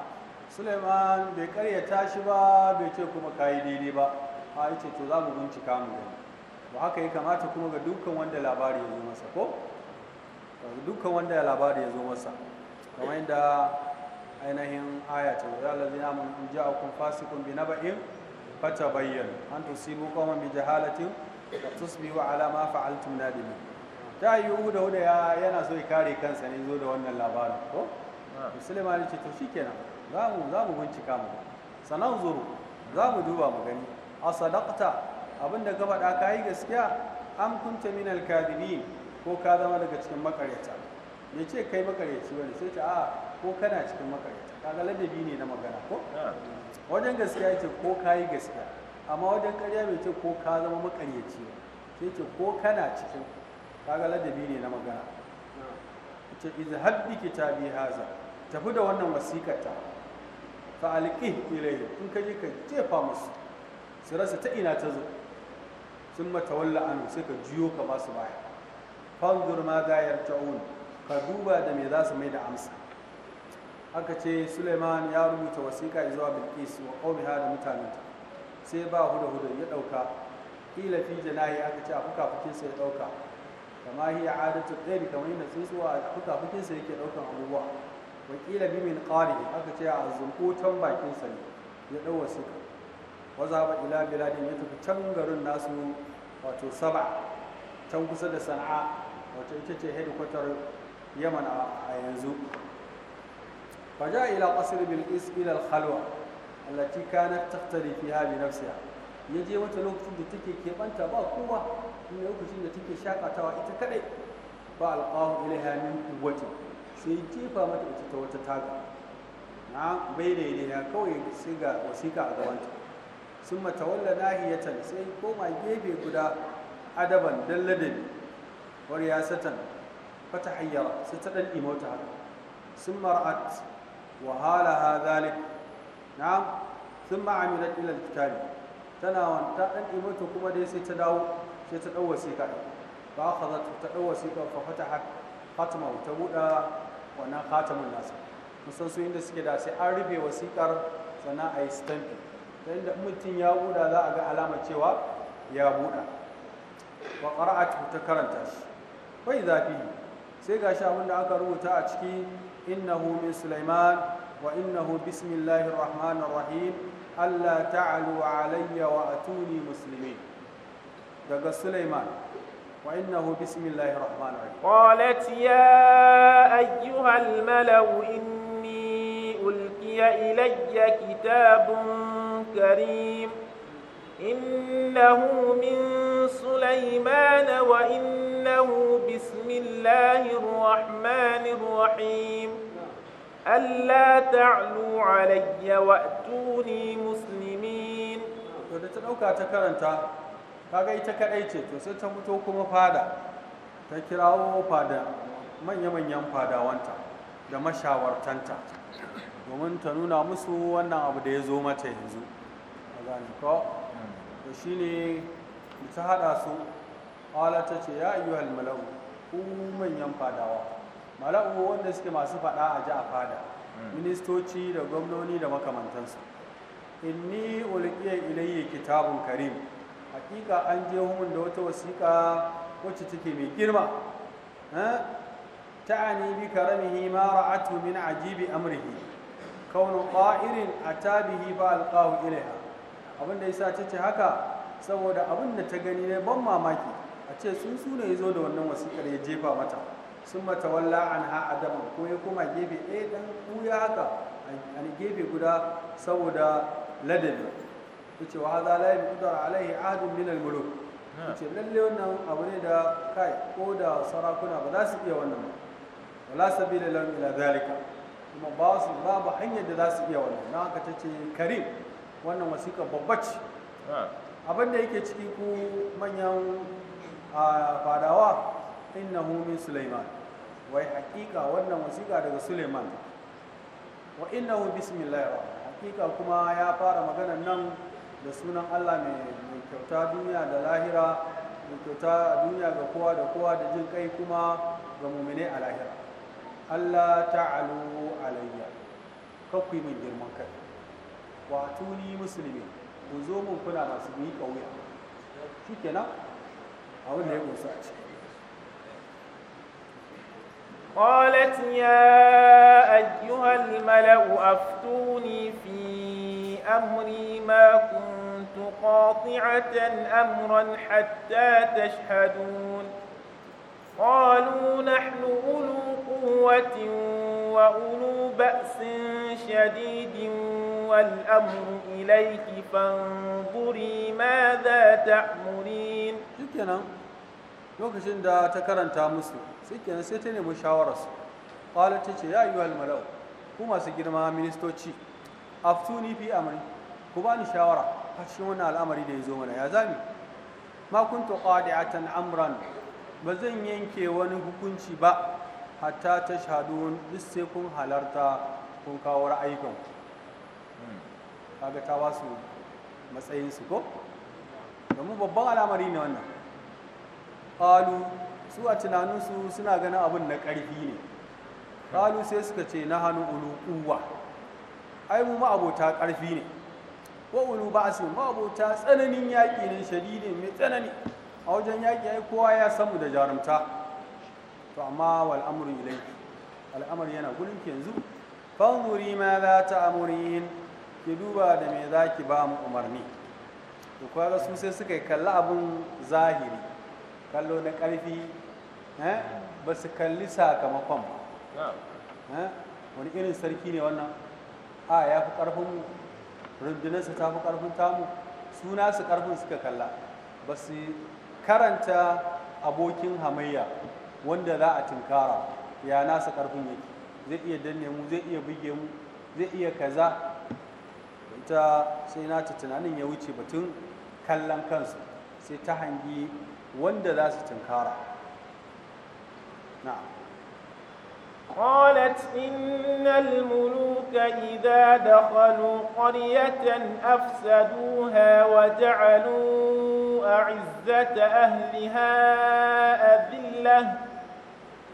سليمان بكرية تاشبا بيتكم ديني با هاي تتوزام بنتكام جميع وهكا يكما تكون دوكا واندا لاباري يزوم سكو دوكا واندا لاباري يزو مسا كما عند ainihin ayatul zalazina mun ja'akum fasiqun bi naba'in fatabayyanu an tusibu qawman bi jahalatin wa tusbihu ala ma fa'altum nadimin ta yi uda huda ya yana so ya kare kansa ne zo da wannan labarin ko musulma ne ce to shi kenan, za mu bincika mu sanan zuru za mu duba mu gani a sadakta abinda gaba ɗaka ka yi gaskiya an kunta min al ko ka zama daga cikin makaryata me ce kai makaryaci wani sai ta a ko kana cikin makaryata da ladabi ne na magana ko wajen gaskiya ce ko ka yi gaskiya amma wajen karya mai ce ko ka zama makaryaci sai ce ko kana cikin kaga ladabi ne na magana ce izhab bi kitabi haza tafi da wannan wasiƙar ta fa alqi ilayhi in ka je ka jefa musu su ta ina ta zo sun matawalla an sai ka jiyo ka ba su baya fanzur ma za ta'un ka duba da me za su mai da amsa aka ce Suleiman ya rubuta wasiƙa zuwa Bilqis wa qaumiha da mutanenta sai ba huda huda ya dauka ila fi janahi aka ce a fuka fukin sai ya dauka kama hiya adatu tsairi kamar yadda tsuntsuwa a fukafukinsa yake ɗaukan abubuwa wakila bi min qari aka ce a zunkutan bakin sa ne ya dawo suka wa zaba ila biladin ya tafi can garin nasu wato saba can kusa da sana'a wato ita ce headquarter yaman a yanzu faja ila qasr bilqis ila al-khalwa allati kanat taqtali fiha bi nafsiha yaje wata lokacin da take keɓanta ba kowa lokacin da take shakatawa ita kadai ba alqahu ilaiha min quwwati sai jefa mata ita ta wata taga na bai da ilaiha kawai sai ga wasiƙa a gabanta sun mata matawalla nahiyatan sai koma gefe guda adaban dalladani war ya satan fata hayyara sai ta dan imota haka sun mar'at ha zalik na sun ma'amilat ilal kitabi tana wanta dan imota kuma dai sai ta dawo sai ta ɗau wasiƙa ɗin ba a kaza ta ɗau wasiƙa fa fata hatimahu ta buɗe wannan hatimin nasa musan su inda suke da sai an rufe wasiƙar sannan a yi stampi ta inda mutum ya buɗa za a ga alamar cewa ya buɗa wa ƙara'atu ta karanta shi bai zafi sai ga shi abin da aka rubuta a ciki innahu min sulaiman wa innahu bismillahir rahmanir rahim allah ta'alu alayya wa atuni muslimin دغ سليمان وانه بسم الله الرحمن الرحيم قالت يا ايها الملو اني القي الي كتاب كريم انه من سليمان وانه بسم الله الرحمن الرحيم الا تعلوا علي واتوني مسلمين kaga ita kadai ce to sai ta mutu kuma fada ta kirawo fada manya-manyan fadawanta da mashawartanta domin ta nuna musu wannan abu da ya zo mata yanzu ko to shine ta hada su ala ta ce ya ayyuhal mala'u ku manyan fadawa mala'u wanda suke masu fada a ji a fada ministoci da gwamnoni da makamantansu inni ulqiya ilayya kitabun karim hakika an je mun da wata wasiƙa wacce take mai girma Ta ani bi karamihi ma ra'atu min ajibi amrihi kaunu qa'irin atabihi fa alqahu ilaiha abin da yasa tace haka saboda abin da ta gani ne ban mamaki a ce sun ne yazo da wannan wasiƙar ya jefa mata sun mata walla an ha ko ya koma gefe ɗaya ɗan kuya haka a gefe guda saboda ladabi yace wa hadha la yuqdar alaihi ahadun min al-muluk yace lalle wannan abu ne da kai ko da sarakuna ba za su iya wannan ba wala sabila lahum ila zalika kuma ba su babu hanyar da za su iya wannan na haka tace karim wannan wasiƙa babba ce abin da yake ciki ku manyan fadawa innahu min sulaiman wai hakika wannan wasiƙa daga sulaiman wa innahu bismillahir rahman hakika kuma ya fara magana nan da sunan Allah mai kyauta duniya da lahira mai kyauta duniya ga kowa da kowa da jin kai kuma ga mumine a lahira Allah ta'alu alayya kakwai min girman kai wato ni musulmi ku zo mun kuna masu yi kauya shi kenan abin da ya gusa a ciki قالت يا أيها الملأ أفتوني في أمري ما كنت كنت قاطعة أمرا حتى تشهدون قالوا نحن أولو قوة وأولو بأس شديد والأمر إليك فانظري ماذا تأمرين شكرا lokacin da ta karanta musu sai kenan sai ta nemi ya yi mala'u ku masu girma ministoci aftuni fi ku shawara a wani al'amari da ya zo mana ya zami ma kuntu qadi'atan amran ba zan yanke wani hukunci ba hatta tashhadun duk sai kun halarta kun kawo ra'ayikan kaga ta ba su matsayin su ko domin babban al'amari ne wannan qalu su a tunaninsu suna ganin abin na ƙarfi ne qalu sai suka ce na hannu ulu ai mu ma abota ƙarfi ne wa ulu ba'su mabota tsananin yaƙi ne shadidin mai tsanani a wajen yaƙi ai kowa ya samu da jarumta to amma wal amru al'amar yana gurin ki yanzu fanzuri ma za ta amurin ki duba da me za ki ba mu umarni to kaga su sai suka kalli abun zahiri kallo na ƙarfi eh? ba su kalli sakamakon ba eh? wani irin sarki ne wannan a ya fi ƙarfin mu rundunarsu ta fi ƙarfin tamu suna su ƙarfin suka kalla ba su karanta abokin hamayya wanda za a tunkara ya nasa ƙarfin yake zai iya danne mu zai iya buge mu zai iya kaza ita sai na ta tunanin ya wuce batun kallon kansu sai ta hangi wanda za su tunkara na'am قالت إن الملوك إذا دخلوا قرية أفسدوها وجعلوا أعزة أهلها أذلة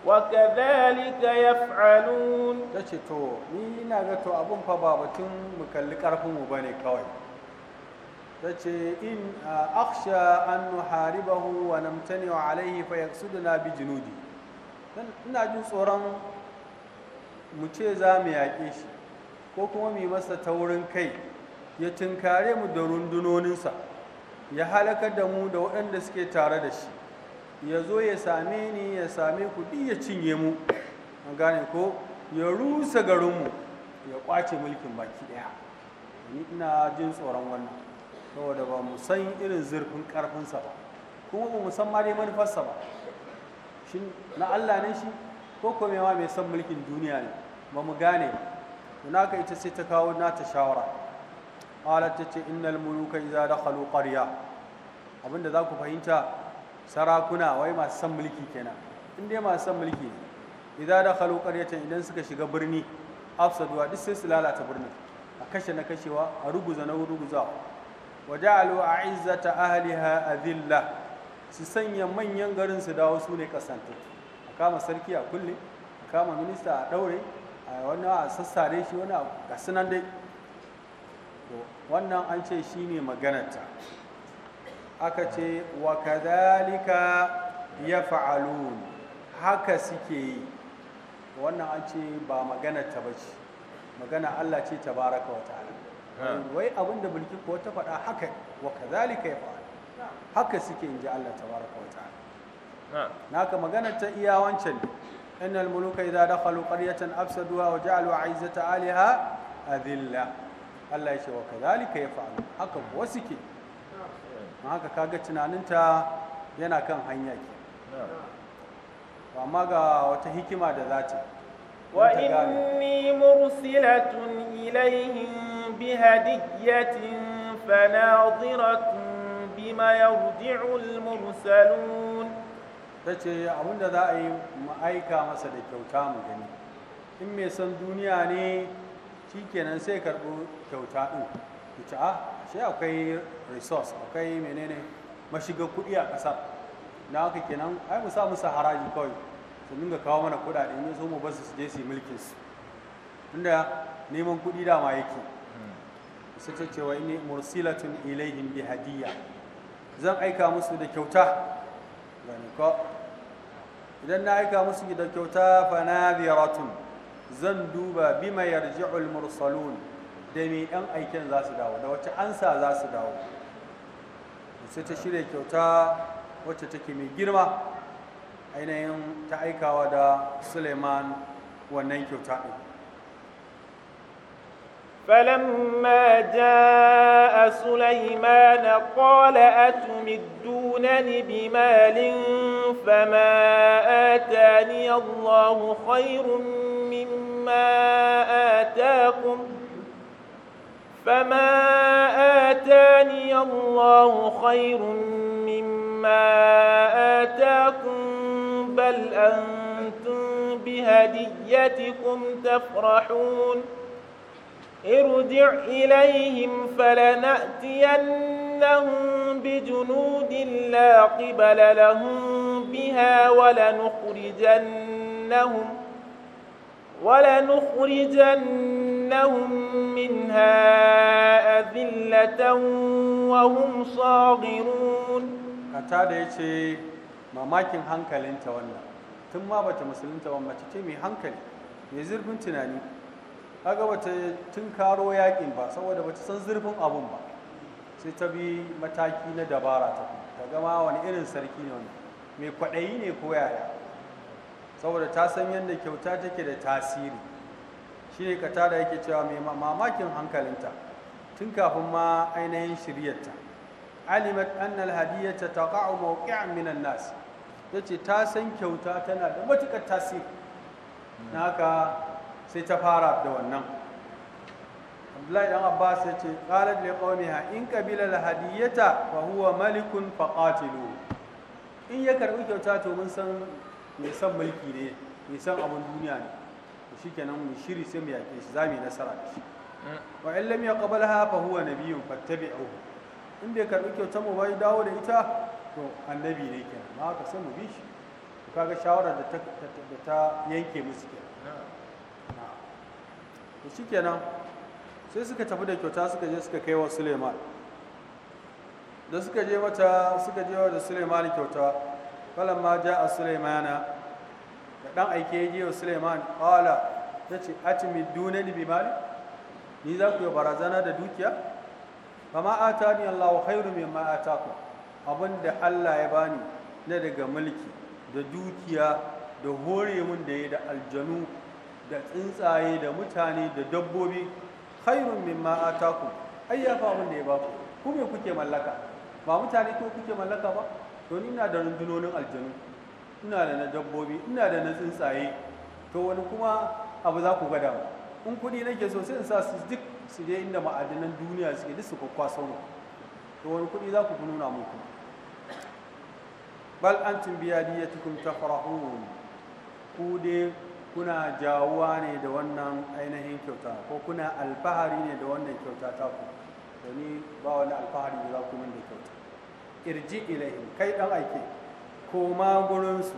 وكذلك يفعلون تشتو نينا غتو أبون فبابتن مكلك أرفو مباني كوي تشي إن أخشى أن نحاربه ونمتنع عليه فيقصدنا بجنودي ina jin tsoron mu ce za mu yaƙe shi ko kuma mu yi masa taurin kai ya tunkare mu da rundunoninsa ya halakar da mu da waɗanda suke tare da shi ya zo ya same ni ya same kuɗi ya cinye mu an gane ko ya rusa garinmu ya ƙwace mulkin baki ɗaya ni ina jin tsoron wannan saboda ba mu san irin zurfin ƙarfinsa ba kuma ba mu san ma manufarsa ba Shin na Allah ne shi ko kuma yawa mai san mulkin duniya ne ba mu gane ba ita sai ta kawo nata shawara qalat ta ce innal muluka idza dakhalu qarya abinda za ku fahimta sarakuna wai masu son mulki kenan in dai masu son mulki idza dakhalu qaryatan idan suka shiga birni afsaduwa duk sai su lalata birni. a kashe na kashewa a ruguza na ruguza wa ja'alu a'izzata ahliha adilla su sanya manyan garin su dawo su ne kasantattu kama sarki a kulle a kama minista a ɗaure a wani a sassare shi wani a sunan dai wannan an ce shi ne maganarta aka ce wa kadhalika ya fa'alun haka suke yi wannan an ce ba maganarta ba ce magana Allah ce ta baraka wa ta'ala wai abinda da mulki ko ta faɗa haka wa kadhalika ya fa'alun haka suke in ji Allah baraka wa ta'ala naka magana ta iya wancan innal muluka idza dakhalu qaryatan afsaduha wa ja'alu 'izzata aliha adilla Allah ya ce wa kadhalika yaf'alu haka ko suke ma haka kaga tunaninta yana kan hanya ke amma ga wata hikima da za ta wa inni mursilatun ilaihim bihadiyatin fanadiratun bima yarji'u al-mursalun ta ce abinda za a yi ma'aika masa da kyauta mu gani in mai san duniya ne shi kenan sai karɓo kyauta ɗin ita a ah, shi akwai resource akwai menene mashiga kuɗi a ƙasar na haka kenan ai mu sa musu haraji kawai su dinga kawo mana kuɗaɗe in so mu basu su je su yi mulkin su inda neman kuɗi dama yake sai ta cewa ne mursilatun ilaihim bi hadiyya zan aika musu da kyauta idan na aika musu da kyauta fanaziratun zan duba bima yarji'ul mursalun da me yan aiken za su dawo da wacce ansa za su dawo sai ta shirya kyauta wacce take mai girma ainihin ta aikawa da suleiman wannan kyauta ɗin فلما جاء سليمان قال أتمدونني بمال فما آتاني الله خير مما آتاكم فما آتاني الله خير مما آتاكم بل أنتم بهديتكم تفرحون ۖ ارجع إليهم فلنأتينهم بجنود لا قبل لهم بها ولنخرجنهم ولنخرجنهم منها أذلة وهم صاغرون قتادة ما hankalinta wannan tun ma bata musulunta ba mace ce mai hankali mai kaga bata tun karo yakin ba saboda bata san zurfin abun ba sai ta bi mataki na dabara ta ta gama wani irin sarki ne wani mai kwaɗayi ne ko yaya saboda ta san yadda kyauta take da tasiri shi ne ka yake cewa mai mamakin hankalinta tun kafin ma ainihin shiryarta alimat annal hadiyata taqa'u mawqi'an minan nas yace ta san kyauta tana da matuƙar tasiri na haka sai ta fara da wannan abdullahi dan abbas ya ce qalat li qaumiha in qabila al hadiyata fa huwa malikun faqatilu in ya karbi kyauta to mun san mai san mulki ne mai san abun duniya ne shikenan mu shiri sai mu yake shi zamu nasara da shi wa in lam yaqbalha fa huwa nabiyyun fattabi'uhu in bai karbi kyauta mu bai dawo da ita to annabi ne kenan ma ka san mu bi shi kaga shawara da ta yanke musu kenan to kenan sai suka tafi da kyauta suka je suka kai wa suleiman da suka je mata suka je wa da suleiman kyauta falan ma ja a suleimana da dan aike ya je wa suleiman qala tace atmi dunani bi mali ni za ku yi barazana da dukiya ata ni allah khairu mimma ataku abinda allah ya bani na daga mulki da dukiya da hore mun da ya da aljanu da tsuntsaye da mutane da dabbobi khairun mimma ataku ai ya fa ya ba ku me kuke mallaka ba mutane ko kuke mallaka ba to ni ina da rundunonin aljanu ina da na dabbobi ina da na tsuntsaye to wani kuma abu za ku gada mu in kuɗi nake so sai in sa su duk su je inda ma'adanan duniya suke duk su kwakwaso mu to wani kuɗi za ku fi nuna muku bal antum biyadiyatikum tafrahun ku dai kuna jawuwa ne da wannan ainihin kyauta ko kuna alfahari ne da wannan kyauta ta ku ni ba wani alfahari da za ku min da kyauta irji ilaihim kai dan aike ko ma gurin su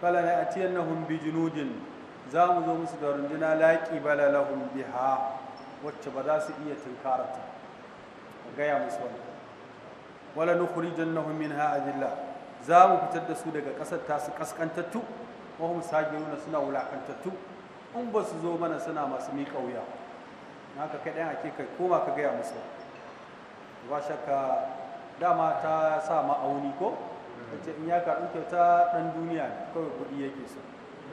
fala la atiyannahum bi junudin za mu zo musu da runduna laqi bala lahum biha wacce ba za su iya tunkarata gaya musu wani. wala nukhrijannahum minha adilla za mu fitar da su daga kasar tasu kaskantattu sage nuna suna wulakantattu in ba su zo mana suna masu miƙa wuya Na ka kai ɗan ake kai koma ka gaya musu ba shakka dama ta sa ma'auni ko kace in ya karɓi kyauta ɗan duniya ne kawai kuɗi yake so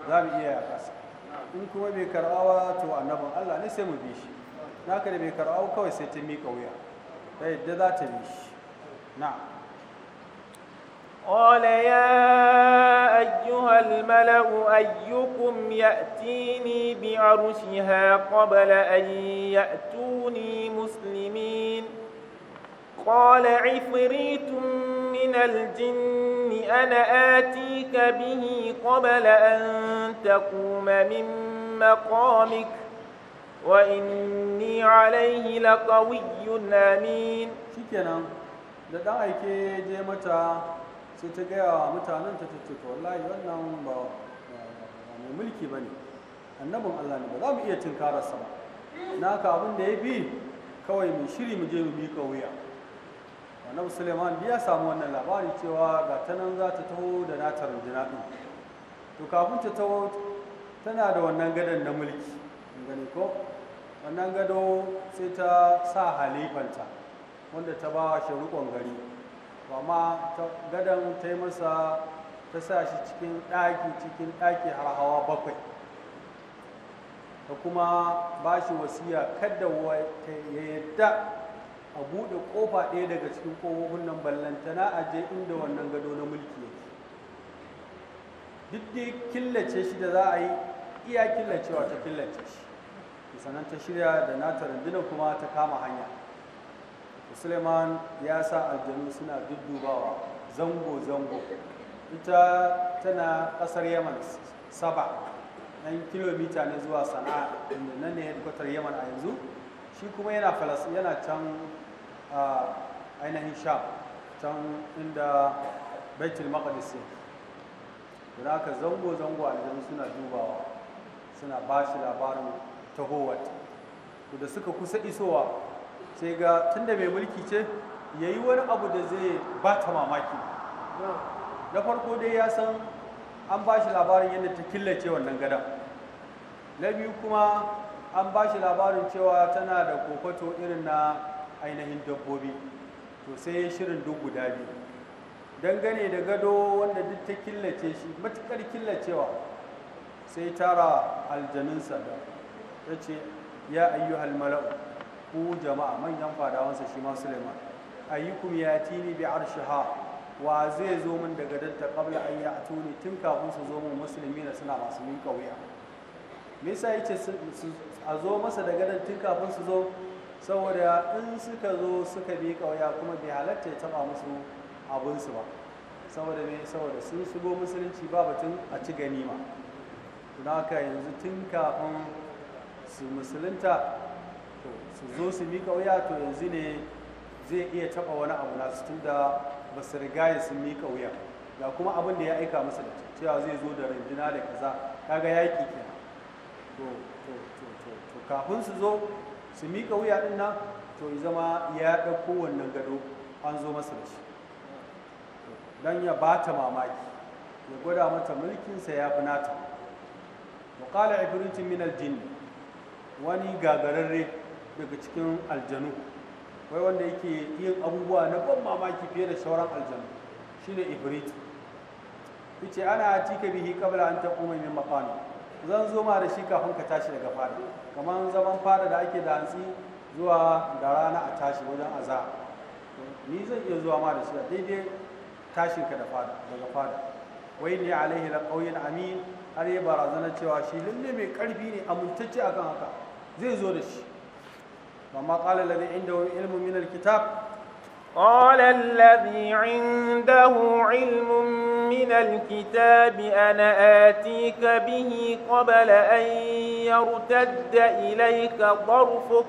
za mu iya yaƙa su in kuma bai karɓawa to annabin Allah ne sai mu bi shi ka da bai karɓawa kawai sai ta miƙa wuya ta yadda za ta bi shi na أيها الملأ أيكم يأتيني بعرشها قبل أن يأتوني مسلمين قال عفريت من الجن أنا آتيك به قبل أن تقوم من مقامك وإني عليه لقوي أمين شكرا da ɗan aike je mata sai ta gaya wa mutanen ta tace wallahi wannan ba eh, mai mulki ne. annabin Allah ne ba za mu iya cin karasa ba na ka abin da ya fi kawai mu shiri mu je mu miƙa wuya annabi suleiman ya samu wannan labari cewa ga ta nan za ta taho da na rundunar ɗin to kafin ta taho tana da wannan gadon na mulki gani ko wannan gado sai ta sa halifanta wanda ta ba shi gari amma gadon ta yi masa ta sa shi cikin ɗaki cikin ɗaki har hawa bakwai ta kuma ba shi wasiya kada ya yadda a buɗe ƙofa ɗaya daga cikin ƙofofin nan ballantana a je inda wannan gado na mulki yake duk da killace shi da za a yi iya killacewa ta killace shi sannan ta shirya da nata rundunar kuma ta kama hanya suleiman ya sa aljanu suna duddubawa zango-zango ita tana kasar yaman saba nan kilomita ne zuwa sana'a inda nan ne kwatar yaman a yanzu shi kuma yana falas yana can ainihin sha can inda baitul maqdis ne don haka zango-zango aljanu suna dubawa suna ba shi labarin tahowar da suka kusa isowa sai ga tunda mai mulki ce ya yi wani abu da zai ba ta mamaki na farko dai ya san an ba shi labarin yadda ta killace wannan gada na biyu kuma an ba shi labarin cewa tana da kofato irin na ainihin dabbobi to sai shirin duk guda biyu dangane da gado wanda duk ta killace shi matukar killacewa sai tara aljaninsa da ya ce ya ayyuhal mala'u ku jama'a manyan fadawansa shi ma Suleiman ayyukum yatini bi arshiha wa zai zo min daga danta qabla an ya'tuni tun kafin su zo min musulmi na suna masu min kauya me yasa yace a zo masa daga nan tun kafin su zo saboda in suka zo suka bi kauya kuma bai halatta ya taba musu abun su ba saboda me saboda sun shigo musulunci ba batun a ci ganima don haka yanzu tun kafin su musulunta su zo su miƙa wuya to yanzu ne zai iya taɓa wani abu na su da ba su riga sun miƙa wuya ga kuma abin da ya aika masa da cewa zai zo da rinjina da kaza kaga yaƙi kenan to to to to to kafin su zo su miƙa wuya din nan to ya zama ya ɗauko wannan gado an zo masa da shi don ya ba ta mamaki ya gwada mata mulkinsa ya fi nata wa ƙala ifiritin minar jini wani gagararre daga cikin aljanu wai wanda yake yin abubuwa na ban mamaki fiye da sauran aljanu shine ibrit yace ana atika bihi kabla an taɓo mai maqami zan zo ma da shi kafin ka tashi daga fada kamar zaman fada da ake da hantsi zuwa da rana a tashi wajen aza ni zan iya zuwa ma da shi daidai tashinka da fada daga fada wai ne alaihi la qawlin amin har ya barazana cewa shi lalle mai karfi ne amintacce akan haka zai zo da shi وما قال الذي عنده علم من الكتاب قال الذي عنده علم من الكتاب أنا آتيك به قبل أن يرتد إليك ظرفك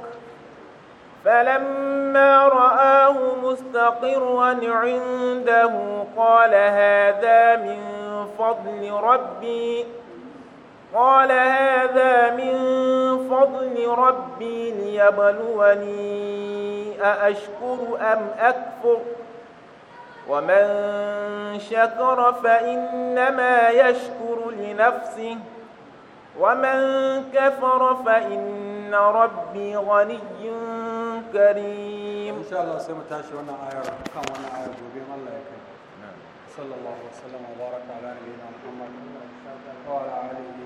فلما رآه مستقرا عنده قال هذا من فضل ربي قال هذا من فضل ربي ليبلوني أأشكر أم أكفر ومن شكر فإنما يشكر لنفسه ومن كفر فإن ربي غني كريم إن شاء الله سيمتاشي وانا آية كم وانا آية جوبين الله يكرم نعم. صلى الله وسلم وبارك على نبينا محمد وعلى آله